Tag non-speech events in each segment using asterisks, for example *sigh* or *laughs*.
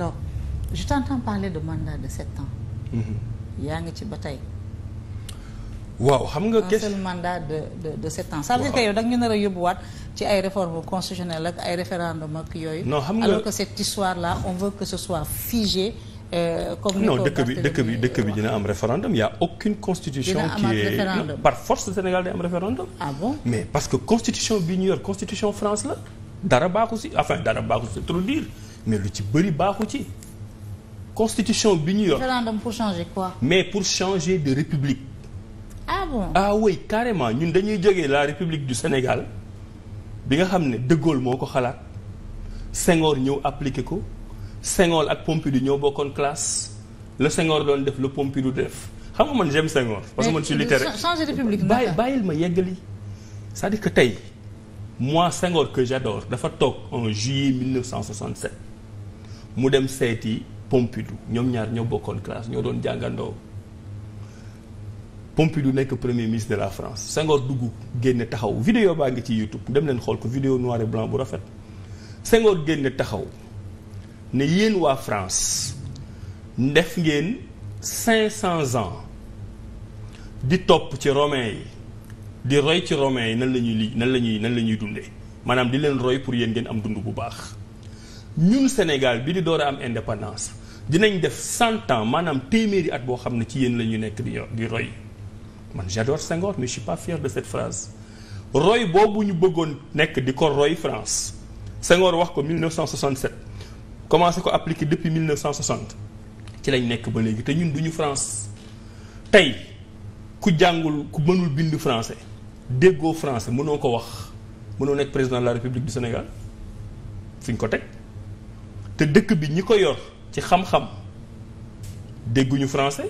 alors je t'entends parler de mandat de sept ans. Mm-hmm. yaa ngi ci ba tey. waaw xam nga. un seul mandat de de de sept ans. ça veut dire que yow da nga ñu nar a yóbbuwaat ci ay réformes constitutionnelles ak ay référendum ak yooyu. non xam nga alors que cette histoire là on veut que ce soit figé. Euh, dëkk bi dëkk bi dëkk bi dina am référendum y a aucune constitution qui est non, par force Sénégal day am référendum ah mais parce que constitution bi ñu yor constitution France la dara baaxu si enfin dara baaxu c'est mais lu ci bëri baaxu ci constitution bi ñu yor. référendum pour changer mais pour changer de république. ah bon ah oui ñun dañuy jógee la république du Sénégal bi nga xam ne de moo ko xalaat Senghor ñëw appliqué ko Senghor ak Pompidou ñoo bokkoon classe la Senghor doon def la Pompidou def xam nga man j'aime Senghor. parce que man ci littéraire changer république bàyyi bàyyil ma yeggali c'est-à-dire tey moi Senghor que j'adore dafa toog en juillet 1967. mu dem seeti Pompidou ñoom ñaar ñoo bokkoon classe ñoo doon jàngandoo Pompidou nekk premier ministre de la France Senghor dugg génne taxaw vidéo baa ngi ci YouTube dem leen xool ko vidéo noir et blanc bu rafet Senghor génne taxaw ne yéen waa France def ngeen cinq cents ans di topp ci romains yi di roy ci romains yi nan la ñuy li nan la ñuy nan la ñuy dundee maanaam di leen roy pour yéen ngeen am dund bu baax ñun Sénégal bi di door a am indépendance dinañ def cent ans maanaam téeméeri at boo xam ne ci yéen la ñu nekk di di roy man j'adore Senghor mais je suis pas fier de cette phrase roy boobu ñu bëggoon nekk di ko roy France Senghor wax ko 1967 commencé ko appliquer depuis 1960 ci lañ nekk ba léegi te ñun duñu France tey ku jàngul ku mënul bind français déggoo français mënoo ko wax mënoo nekk président de la République du Sénégal fi ñu ko teg te dëkk bi ñi ko yor ci xam-xam dégguñu français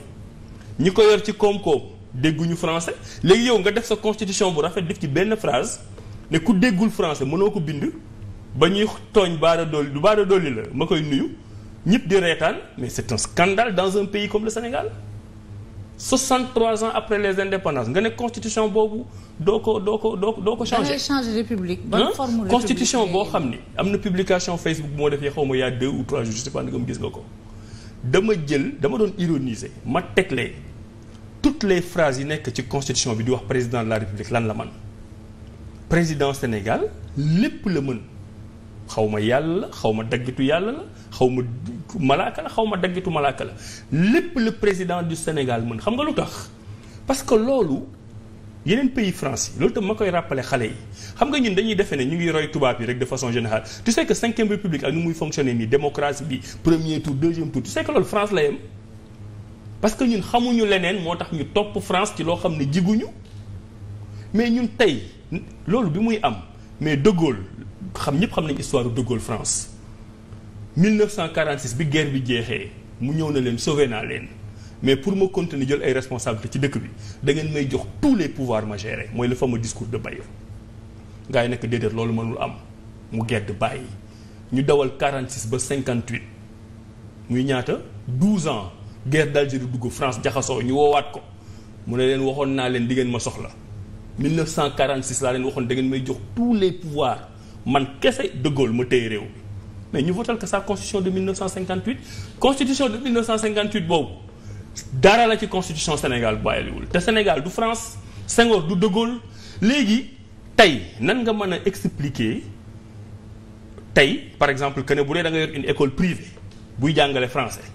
ñi ko yor ci koom-koom dégguñu français léegi yow nga def sa constitution bu rafet def ci benn phrase ne ku déggul français mënoo ko bind ba ñuy tooñ baara dolli du baara dolli la ma koy nuyu ñëpp di reetaan mais c'est un scandale dans un pays comme le Sénégal 63 ans après les indépendances nga ne constitution boobu doo ko doo ko doo doo ko changé. da ngay changé république. ban forme constitution boo xam ni am na publication Facebook bu moo defee xaw ma y' a 2 ou 3 nga ko. dama jël dama doon ironiser ma tegle toutes les phrases yi nekk ci constitution bi di wax président la république lan la man président Sénégal lépp la mën xaw ma yàlla xaw ma daggitu yàlla la. xaw ma malaaka la xaw ma daggitu malaaka la lépp le président du Sénégal mën xam nga lu tax parce que loolu yeneen pays France loolu tam ma koy rappelé xale yi xam nga ñun dañuy defee ne ñu ngi roy tubaab yi rek de façon générale tu sais que cinquième république ak ni muy fonctionner nii démocratie bi premier tour deuxième tour tu sais que loolu France la yem parce que ñun xamuñu leneen moo tax ñu topp France ci loo xam ne jiguñu mais ñun tey loolu bi muy am mais de xam ñëpp xam nañ histoire de France 1946 bi guerre bi jeexee mu ñëw na leen sauvé naa leen mais pour ma continuer jël ay responsabilités ci dëkk bi dangeen may jox tous les pouvoirs ma gérer mooy le fameux discours de Bayeux. gars nekk déedéet loolu mënul am mu gedd bàyyi ñu dawal 46 ba 58 muy ñaata 12 ans guerre d'Algérie dugg France jaxasoo ñu woowaat ko mu ne leen waxoon naa leen di ngeen ma soxla 1946 laa leen waxoon da ngeen may jox tous les pouvoirs man kese de Gaulle ma téye réew. mais ñu votal que sa constitution de 1958 constitution de 1958 boobu daara la ci constitution Sénégal bàyyiliwul te Sénégal du France Senghor du De léegi tey nan nga mën a expliquer tey par exemple que bu dee da nga yor une école privée buy jàngale français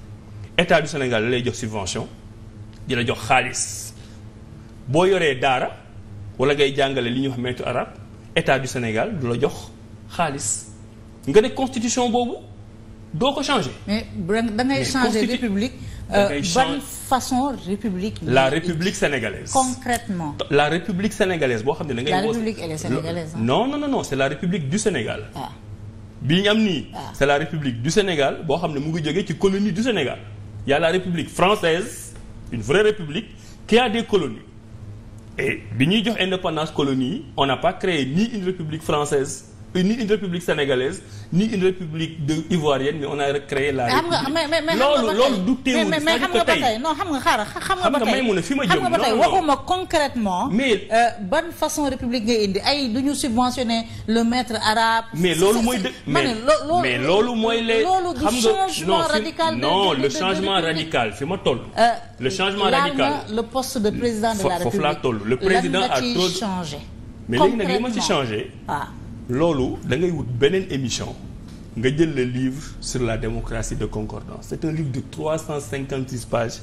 état du Sénégal la lay jox subvention di la jox xaalis boo yoree daara wala ngay jàngale li ñu wax météo arabe état du Sénégal du la jox xaalis. nga ne constitution boobu doo ko changer. mais da ngay changer république. Euh, bonne façon république. la république sénégalaise. concrètement. la république sénégalaise boo xam ne da ngay. la république elle est sénégalaise. non non non non c'est la république du Sénégal. Ah. bi ñu am nii. Ah. c'est la république du Sénégal boo xam ne mu ngi jógee ci colonie du Sénégal. Il y a la république française une vraie république qui a des colonies et bi ñuy jox indépendance colonie yi on n'a pas créé ni une république française ni une république sénégalaise ni une république ivoirienne mais on a recréé la république loolu loolu du teewul mais mais xam nga ba tey non xam nga a fi ma concrètement mais euh, ban façon république ngay indi ay du ñu subventionné le maître arabe mais loolu mooy dë mais loolu mooy les loolu du changement radical non le changement radical fi ma toll euh, le changement radical le poste de président de la république foofu laa toll le président a trop changé mais léegi nag li ma ci changé ah. loolu da ngay wut beneen émission nga jël le livre sur la démocratie de concordance c'est un livre de 356 pages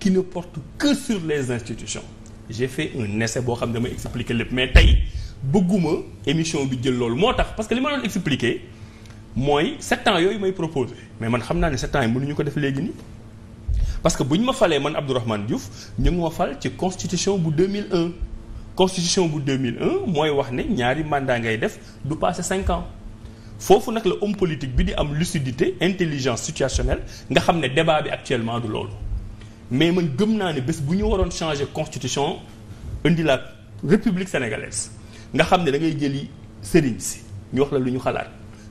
qui ne porte que sur les institutions j'ai fait un nese boo xam ne dama expliquer lépp mais tey bëgguma émission bi jël loolu moo tax parce que li ma doon expliquer mooy sept ans yooyu may proposé mais man xam naa ne sept ans yi mënuñu ko def léegi nii parce que bu ñu ma falee man Abdourahmane Diouf ñu ngi ma fal ci constitution bu 2001 constitution bu 2001 mooy wax ne ñaari mandat ngay def du passé cinq ans foofu nag la homme politique bi di am lucidité intelligence situationnelle nga xam ne débat bi actuellement du loolu mais man gëm naa ne bés bu ñu waroon changer constitution indi république sénégalaise nga xam ne da ngay jëli sëriñ si ñu wax la lu ñu xalaat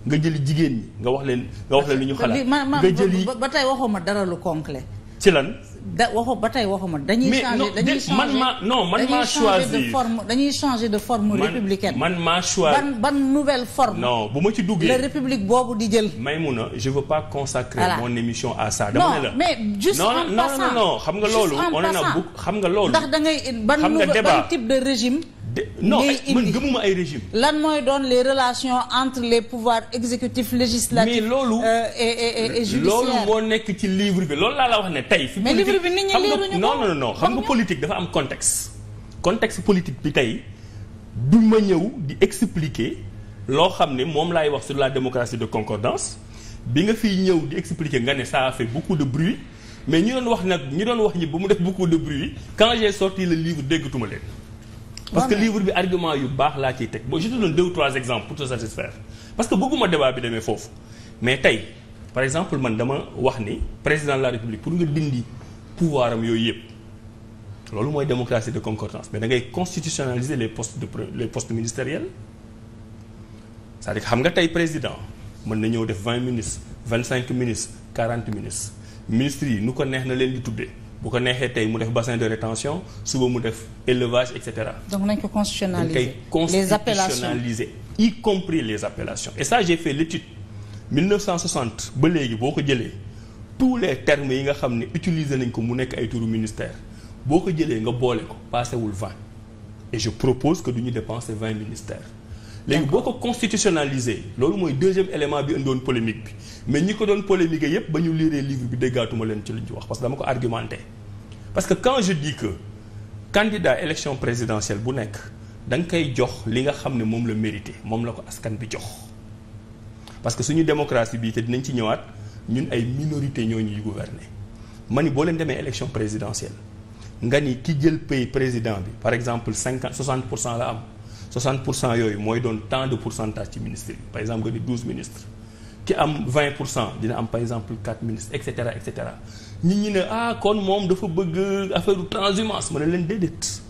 nga jëli jigéen ñi nga wax leen nga wax leen lu ñu xalaat nga jëli ba tey waxuma dara lu concret ci lan. da waxu ba tey waxuma dañuy. changer ma non man maa choisir de forme républicaine. man maa choisir ban nouvelle forme. bu ma ci duggee la république boobu di jël. Maïmouna je veux pas consacrer mon émission à ça. dama ne juste en passant xam nga loolu. on en a bu nga loolu. ndax da ngay ban ban type de régime. non eh, man gëmuma ay régime lan mooy doon les relation entre les pouvoirs exécutifs législatifs. mais loolu euh, et et loolu moo nekk ci livre bi loolu laa la wax ne tey. mais livre bi nit ñi liiruñu ko non non non xam nga politique dafa am contexte. contexte politique bi tey du ma ñëw di expliquer loo xam ne moom laay wax sur la démocratie de concordance bi nga fiy ñëw di expliquer nga ne ça a fait de bruit mais ñu doon wax nag ñu doon wax ñi ba mu def beaucoup de bruit quand j'ai sorti le livre déggatuma leen. parce que libre bi argument yu baax laa ciy teg bon je te donne deux ou trois exemples pour satisfaire parce que bëgguma débat bi demee foofu mais tey par exemple man dama wax ni président de la république pour nga dindi pouvoir am yooyu yëpp loolu mooy démocratie de concordance mais da ngay constitutionnaliser les postes de les postes ministériels c'est-à-dire xam nga tey président mën na ñëw def vingt ministres vingt cinq ministres quarante ministres ministres yi nu ko neex na leen di tuddee bu ko neexee tey mu def bassin de rétention suba mu def élevage et cetera. donc nañ ko constitutionnaliser les appellations y compris les appellations et ça j'ai fait l'étude 1960 ba léegi boo ko jëlee tous les termes yi nga xam ne utiliser nañ ko mu nekk ay tour ministère boo ko jëlee nga boole ko paasewul vingt et je propose que du ñu dépenser vingt ministère léegi boo ko constitutionnalisé loolu mooy deuxième élément bi indoon polémique bi mais ñi ko doon polémique yépp ba ñu liiree livre bi déggaatuma leen ci lu ñu wax parce que dama ko argumenté parce que quand je dis que candidat élection présidentielle bu nekk danga koy jox li nga xam ne moom la mérité moom la ko askan bi jox parce que suñu démocratie bii te dinañ ci ñëwaat ñun ay minorité ñoo ñuy gouverner ma ni boo leen demee élection présidentielle nga ni ki jël pays président bi par exemple cinquante soixante pour cent la am 60 pour cent yooyu mooy doon tant de pourcentage ci ministres par exemple nga ni 12 ministres ki am 20 pour cent dina am par exemple 4 ministres et cetera et cetera nit ñi ne ah kon moom dafa bëgg affaire transhumance ma ne leen déedéet.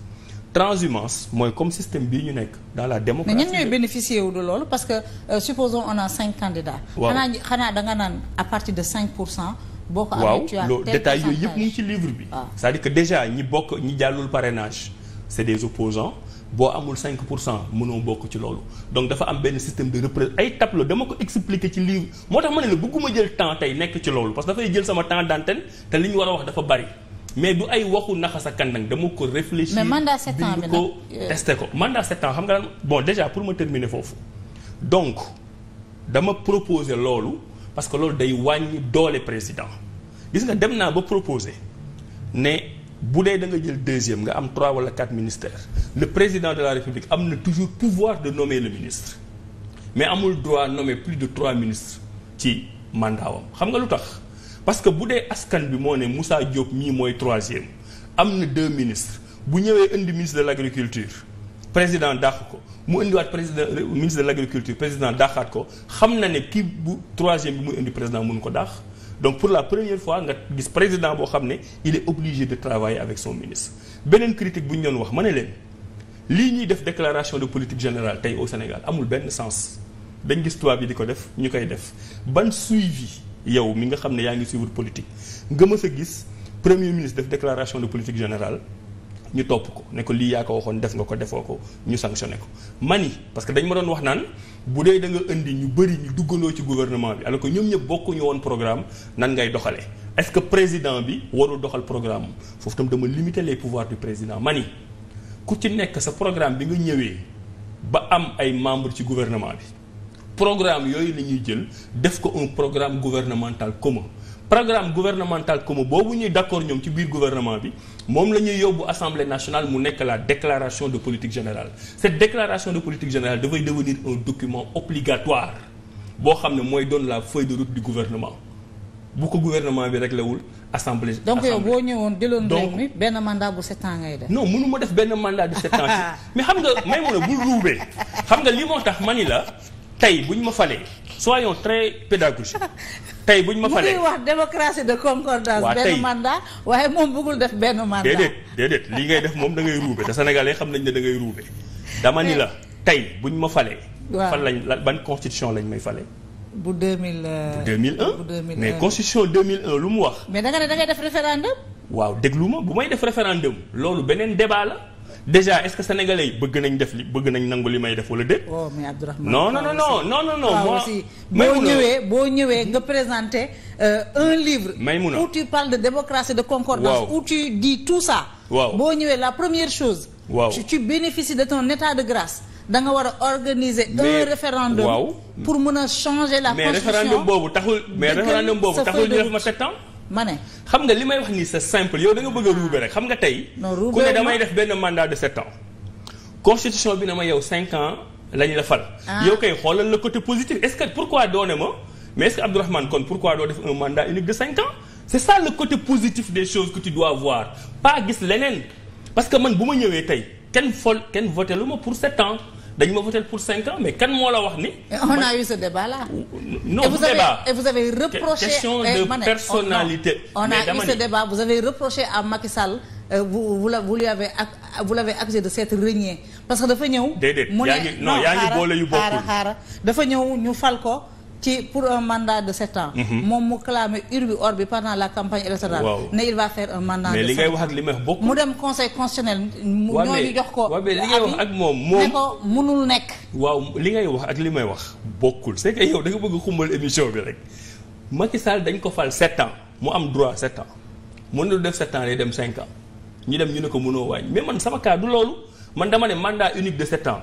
transhumance mooy comme système bi ñu nekk dans la démocratie. mais ñun ñooy bénéficier wu de loolu parce que euh, supposons on a cinq candidats. waaw xanaa xanaa da nga naan à partir de cinq pour cent. boo ko amee tu yooyu yëpp mu ngi ci livre bi. waaw ah. c'est-à-dire que déjà ñi bokk ñi jàllul parrainage c'est des opposants boo amul cinq pour cent mënoo bokk ci loolu donc dafa am benn système de repré ay tableau dama ko expliquer ci livre moo tax ma ne la bëgguma jël temps tey nekk ci loolu parce que dafay jël sama temps d'antenne te li ñu war a wax dafa bari mais du ay waxu naxas ak kandang dama ko réfléchir. mais mandat 7 ans bi ko euh, testé ko mandat 7 ans xam nga lan bon déjà pour ma terminer foofu donc dama proposer loolu parce que loolu day wàññi doole président gis nga dem naa ba proposer ne. bu dee da jël deuxième nga am trois wala quatre ministère le président de la république am na toujours pouvoir de nommer le ministre mais amul droit nommer plus de trois ministres ci mandaawam xam nga lu tax parce que bu dee askan bi moo ne Moussa Diop mii mooy troisième am na deux ministre bu ñëwee indi ministre de l' agriculture président dàq ko mu indiwaat président ministre de l' agriculture président dàqaat ko xam na ne kii bu troisième bi muy indi président mun ko dàq donc pour la première fois nga gis président boo xam ne il est obligé de travailler avec son ministre beneen critique bu ñu doon wax ma ne leen lii ñuy def déclaration de politique générale tey au Sénégal amul benn sens dañ gis tubaab yi di ko def ñu koy def ban suivi yow mi nga xam ne yaa ngi suivre politique nga mës a gis premier ministre def déclaration de politique générale ñu topp ko ne ko lii yaa ko waxoon def nga ko defoo ko ñu sanctionné ko mani parce que dañ ma doon wax naan bu dee da nga indi ñu bëri ñu duggandoo ci gouvernement bi alors ko ñoom ñëpp bokkuñu woon programme nan ngay doxalee est-ce que président bi warul doxal programme foofu tam dama limiter les pouvoirs du président mani ku ci nekk sa programme bi nga ñëwee ba am ay membres ci gouvernement bi programme yooyu la ñuy jël def ko un programme gouvernemental commun programme gouvernemental commun boobu ñuy d'accord ñoom ci biir gouvernement bi moom la ñuy yóbbu assemblée nationale mu nekk la déclaration de politique générale cette déclaration de politique générale dafay devenir un document obligatoire boo xam ne mooy doon la feuille de route du gouvernement bu ko gouvernement bi rek lawul assemblée. donc yow boo ñëwoon jëloon réew mi benn mandat bu sept ans ngay def. non mënu ma def benn mandat de sept ans *laughs* xam nga may mun a bul xam nga li moo tax ma ni la tey bu ñu ma falee. soyons très pédagogiques tey bu ñu ma falee *laughs* mu ngi wax démocratie de concordance. waaw benn mandat waaye moom bëggul def benn mandat. déedéet déedéet li ngay def moom da ngay ruube te sénégalais xam nañ ne da ngay ruube. dama ni la tey bu ñu ma falee. fan lañ ban constitution lañ may falee. bu 2000. Euh, bu 2001 mais constitution 2001 lu mu wax. mais da nga ne da ngay def référendum. waaw lu ma bu may def référendum loolu beneen débat la. déjà est-ce que sénégalais yi bëgg nañ def li bëgg nañ nangu li may def wala déet. oh no Abdourahmane no non non non non non. waaw boo ñëwee nga présenter euh, un livre. Maïmouna où tu parles de démocratie de concordance. où tu dis tout ça. waaw boo ñëwee la première chose. waaw tu bénéficies de ton état de grâce. da nga war a organiser. un référendum. pour mun a changer la. constitution mais référendum boobu taxul. mais référendum boobu taxul ñu def ma sept ma ne xam nga li may wax nii sa simple yow da nga bëgg a ruube rek xam nga tey. ku ne damay def benn mandat de sept ans. constitution bi na ma yow cinq ans lañ la fal. Ah. yow kay xoolal la côté positif est-ce que pourquoi doo ne ma mais est-ce que Abdourahmane kon pourquoi doo def un mandat unique de cinq ans. c'est ça le côté positif des choses que tu dois voir pas gis leneen parce que man bu ma ñëwee tey kenn fol kenn voté lu ma pour sept ans. dañu ma voté pour cinq ans mais kan moo la wax ni. on a eu ce débat là. non et vous débat avez, et vous avez reproché question eh, de personnalité. on a eu ce débat vous avez reproché à Macky Sall. Euh, vous vous la vous lui avez vous l'avez accusé de s'être renié parce que dafa ñëw. déedéet yaa ngi non yaa ngi boole yu bokkul mu ne non xaara xaara dafa ñëw ñu fal ko. ci pour un mandat de sept ans. Mhm. moom mu clamé urbi orbi pendant la campagne électorale. waaw ne il va faire un mandat de sept ans mais ngay wax ak li may wax mu dem conseil constitutionnel. waaw jox ko. ak moom moom ne ko mënul nekk. waaw li ngay wax ak li may wax bokkul c'est que yow da nga bëgg xumbal émission bi rek Macky Sall dañ ko fal sept ans mu am droit sept mën na def sept ans day dem cinq ans ñu dem ñu ne ko mënoo wàññi mais man sama cas du loolu man dama ne mandat unique de sept ans.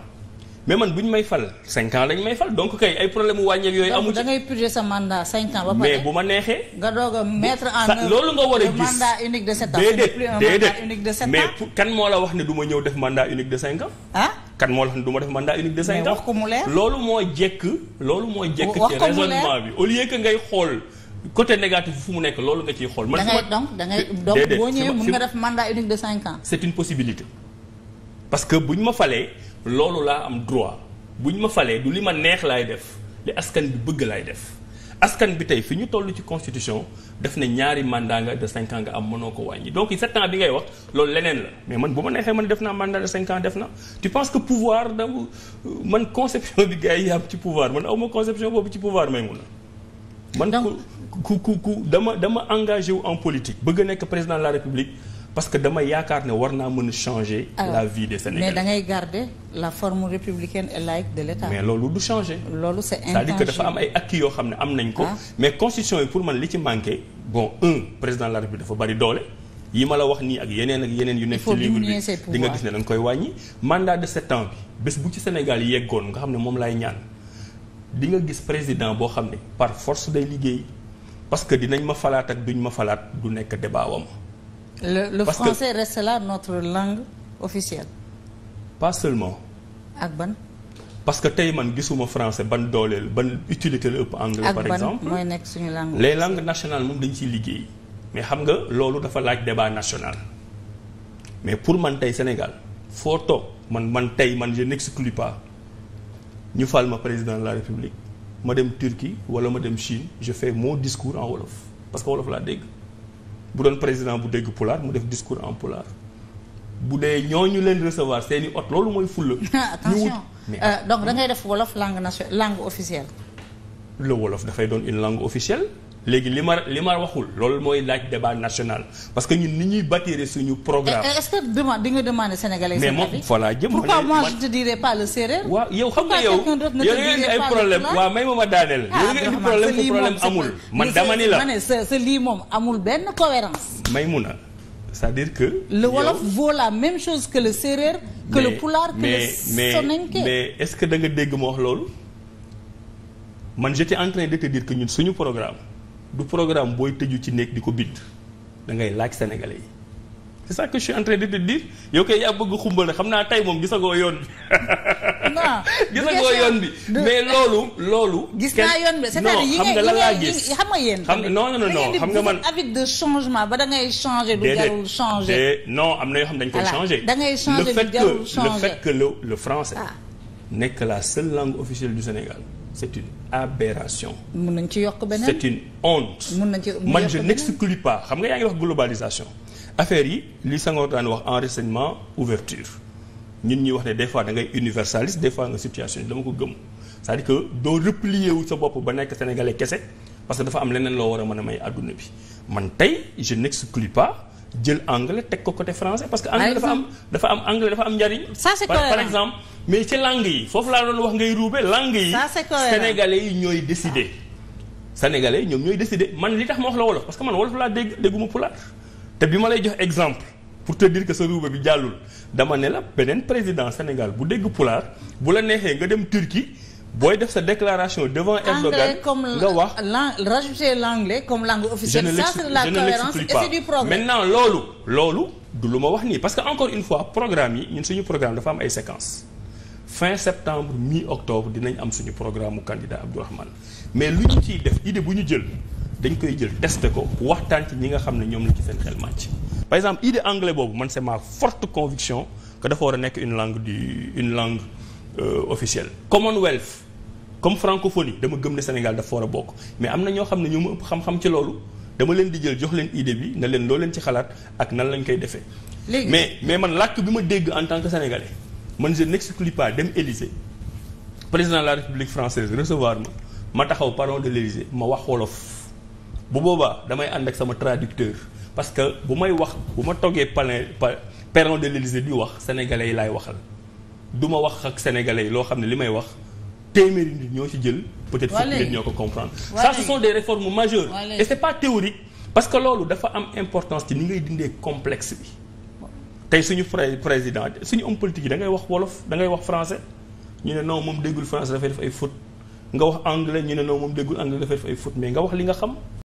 mais man bu ñu may fal cinq ans lañ may fal donc kay ay problème mu wàññeek yooyu. amu ci da ngay purger sa mandat cinq ans. ba pare mais bu ma neexee. nga doog a mettre en œuvre loolu nga war a gis mandat unique de sept ans. déedéet déedéet mais kan moo la wax ne du ma ñëw def mandat unique de cinq ans. ah kan moo la wax ne du ma def mandat unique de cinq ans. wax ko mu leer loolu moo jekk. loolu moo jekk ci raisonnement bi au lieu que ngay xool. côté négatif fu mu nekk loolu nga ciy xool. man da ngay donc da ngay donc boo ñëwee mun nga def mandat unique de cinq ans. c'est une possibilité parce que bu ñu ma falee. loolu laa am droit bu ñu ma falee du li ma neex laay def li askan bi bëgg laay def askan bi tey fi ñu toll ci constitution def na ñaari mandat nga de cinq ans nga am mënoo ko wàññi donc sept ans bi ngay wax loolu leneen la mais man bu ma neexee man def naa mandat de cinq ans def na tu penses que pouvoir da man conception bi gars yi am ci pouvoir man aw ma conception boobu ci pouvoir may mun a man ku ku ku dama dama engagé wu en politique bëgg nekk président la république parce que dama yaakaar ne war naa mën a changer ah la vie des Sénégalais mais da ngay garder la forme républicaine de l'État mais loolu du changer loolu c'est cest à dafa am ay acquis yoo xam ne am nañ ko ah. mais constitution yi pour man li ci manqué bon un président de la bi dafa bari doole yi ma la wax nii ak yeneen ak yeneen yu nekk ci livre bi di nga gis ne dañ koy wàññi mandat de sept ans bi bés bu ci Sénégal yeggoon nga xam ne moom laay ñaan di nga gis président boo xam ne par force day liggéey parce que dinañ ma falaat ak duñ ma falaat du nekk débat le, le français que, reste là notre langue officielle. pas seulement. ak ban. parce que tey man gisuma français ban dooleel ban utilité la ëpp anglais. par exemple ak ban mooy nekk suñu langue. les langues nationales moom dañ ciy liggéey. mais xam nga loolu dafa laaj débat nationale mais pour man tey Sénégal foo toog man man tey man je n'exclus pas ñu fal ma président de la République ma dem Turquie wala ma dem Chine je fais mon discours en wolof parce que wolof laa dégg. bu doon président bu dégg pulaar mu def discours en pulaar bu dee ñu leen recevoir seeni ot loolu mooy fulla *laughs* attention euh, donc da ngay def wolof langue nationale langue officielle. le wolof dafay doon une langue officielle. léegi li ma li ma waxul loolu mooy laaj débat national parce que ñun ni ñuy bâtir suñu programme. Eh, eh, est-ce que demande di nga demander sénégalais. mais moom voilà jëm pourquoi moi je te dirai pas yow xam nga yow yow problème waaw may ma ma daaneel. Ah, yow nga indi problème amul. man dama ni la ma ne sa lii moom amul benn cohérence. may mun a cest dire que. le wolof vaut la même chose que le séeréer. que le pulaar que le soninké. mais est-ce que da nga dégg ma wax loolu man j'étais en de te dire que ñun suñu programme. du programme booy tëju ci néeg di ko bind da ngay laaj sénégalais yi ci ça que je suis en train de te dire yow kay yaa xumbal ne xam naa tey moom gisagoo yoon bi. non *laughs* gisagoo yoon bi mais loolu. loolu gis naa yoon bi c'est-à-dire yi nga xam nga yéen. xam nga non non non xam nga man avec de changement ba da ngay changer. du jarul changer non am na yoo xam dañ koy changer. da ngay changer du jarul changer le fait français. Ah. nekk la seule langue officielle du Sénégal. c'est une aberration. mun nañ ci yokk beneen c'est une honte. mun nañ ci man je n'exclus pas xam nga yaa ngi wax globalisation. affaire yi li Senghor daan wax enracinement ouverture ñun ñuy wax ne des fois da ngay universaliste des fois nga situation yi dama ko gëm c'est-à-dire que doo replier wu sa bopp ba nekk sénégalais kese parce que dafa am leneen loo war a mën a may adduna bi man tey je n'exclus pas. jël anglais teg ko côté français parce que anglais dafa am dafa am anglais dafa am njariñ. ça exemple mais ci langue yi foofu laa doon wax ngay ruube langue yi sénégalais yi ñooy décider sénégalais yi ñoom ñooy décider man li tax ma wax la wolof parce que man wolof laa dégg dégguma pulaar te bi ma lay jox exemple pour te dire que sa ruube bi jàllul dama ne la beneen président Sénégal bu dégg pulaar bu la neexee nga dem Turquie booy def sa déclaration devant Erdogan nga wax rajouter l'anglais comme langue officielle ça c'est la cohérence et c'est du progrès wax nii parce que encore fois programme yi ñun suñu programme dafa am ay séquences fin septembre mi octobre dinañ am suñu programme mu candidat Abdourahmane mais lu ñu ciy def idée bu ñu jël dañ koy jël testé ko waxtaan ci ñi nga xam ne ñoom la ci seen xel màcc par exemple idée anglais boobu man c'est fort forte conviction que dafa war a nekk une langue du une langue euh, officielle Commonwealth comme francophonie dama gëm ne Sénégal dafa war a bokk mais am na ñoo xam ne ñoo ma ëpp xam-xam ci loolu dama leen di jël jox leen ide bi na leen lool leen ci xalaat ak nan lañ koy defee mais mais man làkk bi ma dégg en tant que sénégalais man je n'exclus pas dem Élysée président de la République française recevoir ma ma taxaw paron de l'Élysée ma wax wolof bu boobaa damay ànd ak sama traducteur parce que bu may wax bu ma toggee palin perron de l'Élysée di wax sénégalais yi laay waxal du ma wax ak sénégalais yi loo xam ne li may wax téeméeri nit ñoo ci jël peut-être fukki nit ñoo ko comprendre ça ce sont des réformes majeures et c'est pas théorique parce que loolu dafa am importance ci ni ngay dindee complexe bi tey suñu président suñu homme politique yi da ngay wax wolof dangay wax français ñu ne non moom déggul français dafay def ay fautes nga wax anglais ñu ne non moom déggul anglais dafay def ay fautes mais nga wax li nga xam.